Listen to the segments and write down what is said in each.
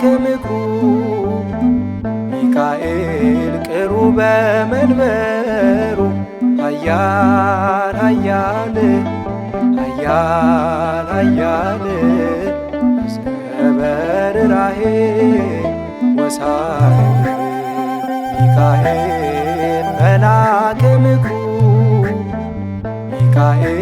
ከምኩ ሚካኤል ቅሩ በመንበሩ አያል አያል አያል አያል እስከ በርራሄ ወሳይ ሚካኤል መላከ ምኩ ሚካኤል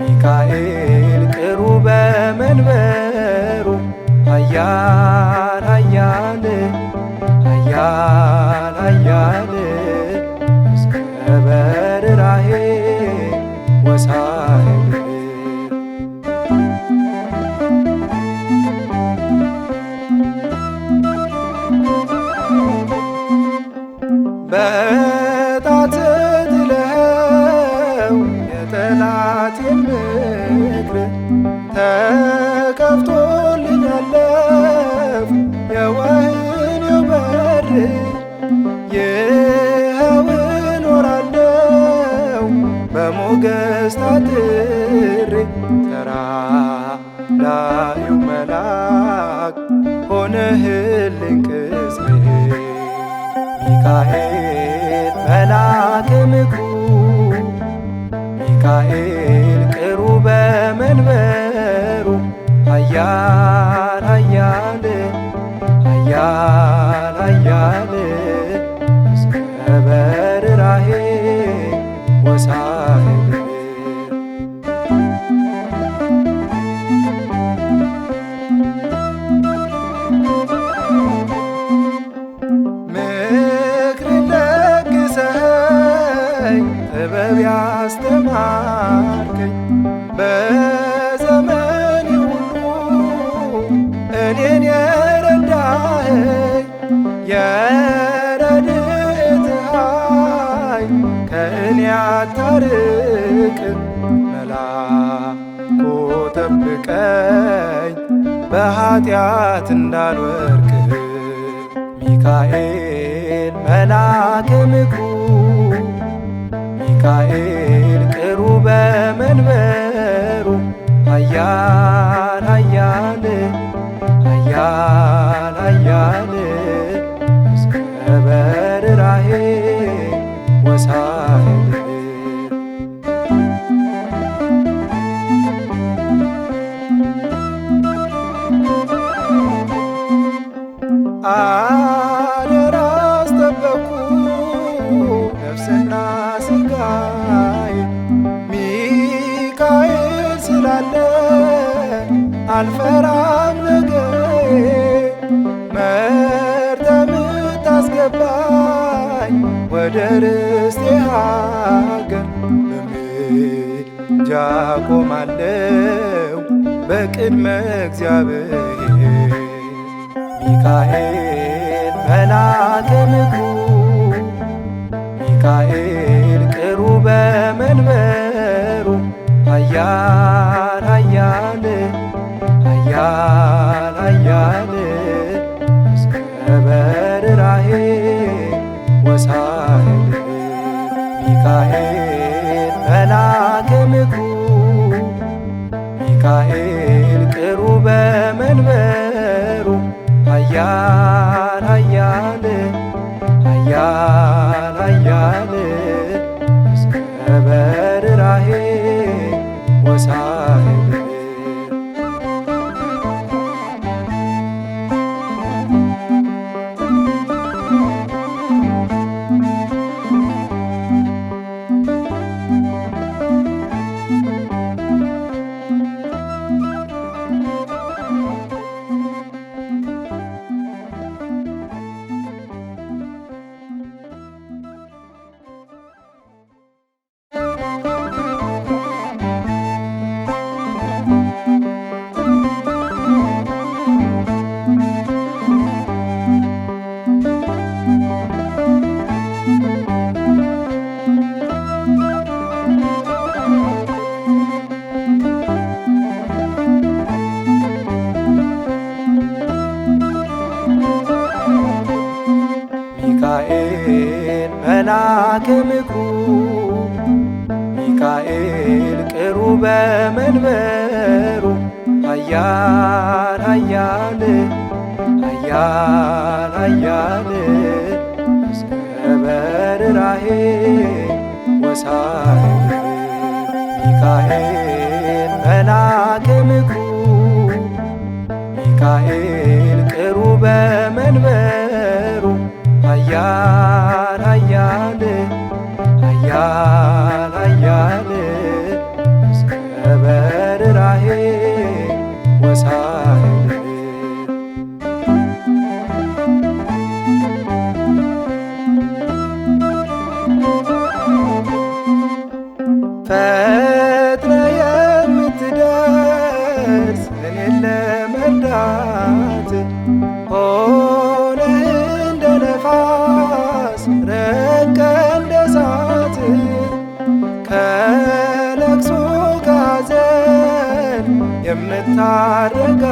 ሚካኤል ቅሩ በመንበሩ አያል አያል አያል አያል እስከ በርራሄ ወሳይል በሞገስ ታድሬ ተራዳኢው መልአክ ሆነህልኝ ሚካኤል መልአከ ምክሩ ሚካኤል ቅሩ በመንበሩ አያል አያል አስተማርከኝ በዘመን ሁሉ እኔን የረዳኸኝ የረድኤትህ ኃይል ከእኔ አታርቅም መላኩ ጠብቀኝ በኃጢአት እንዳልወድቅ ሚካኤል መልአከ ምክሩ ሚካኤል ቅሩ በመንበሩ አያል አያል አያል አያል እስከ በርራሄ አልፈራም ነገ መርተ ምታስገባኝ ወደ ርስቴ ሀገር እርምጃ ቆማለሁ በቅድመ እግዚአብሔር ሚካኤል መልአከ ምክሩ ሚካኤል 哎。መልአከ ሚካኤል ቅሩ በመንበሩ ኃያል ኃያል ኃያል ኃያል እስከ በርራሄ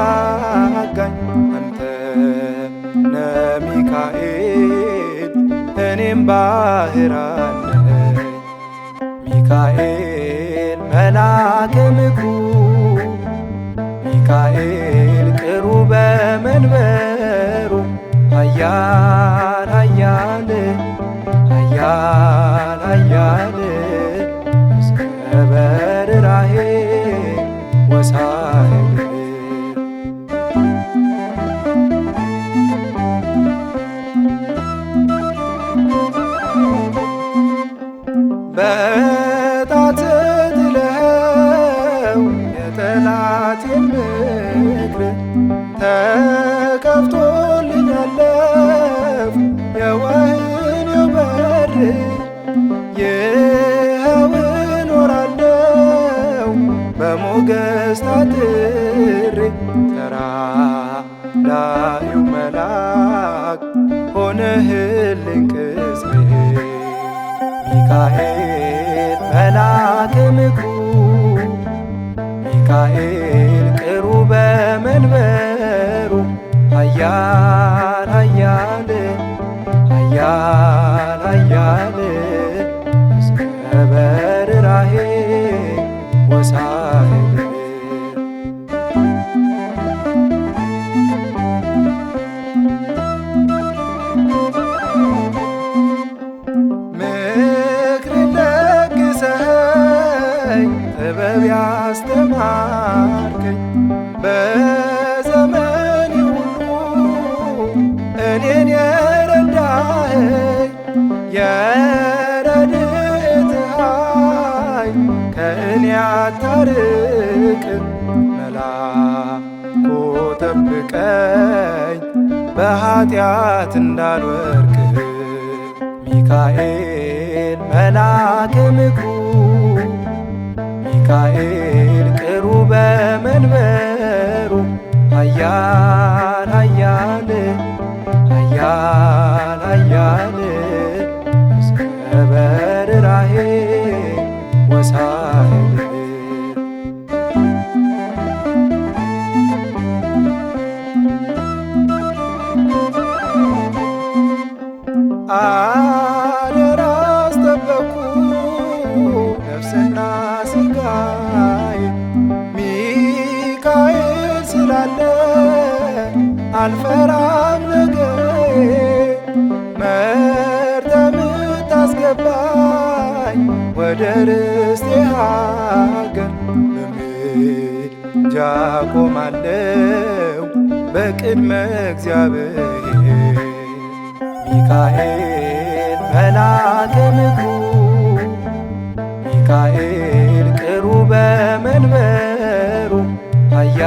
አጋኝ አንተ ነህ ሚካኤል እኔም ባህራን ሚካኤል ምክሩ በሞገስ ታትሬ ተራዳዩ መልአክ ሆነህልኝ ቅስሜ ሚካኤል መልአከ ምክሩ ሚካኤል ቅሩ በመንበሩ አያ አስተማርከኝ በዘመን ሁሉ እኔን የረዳኸኝ የረድኤትህ ኃይል ከእኔ አታርቅም መላኩ ጠብቀኝ በኃጢአት እንዳልወድቅ ሚካኤል መልአከ ምክሩ ሚካኤል ቅሩ በመንበሩ ሀያል ሀያል ሀያል ሀያል አለ አልፈራም ነገ መርተህ ምታስገባኝ ወደ ርስቴ ሀገር እርምጃ ቆማለሁ በቅድመ እግዚአብሔር ሚካኤል መልአከ ምክሩ ሚካኤል ቅሩ በመንበሩ አያ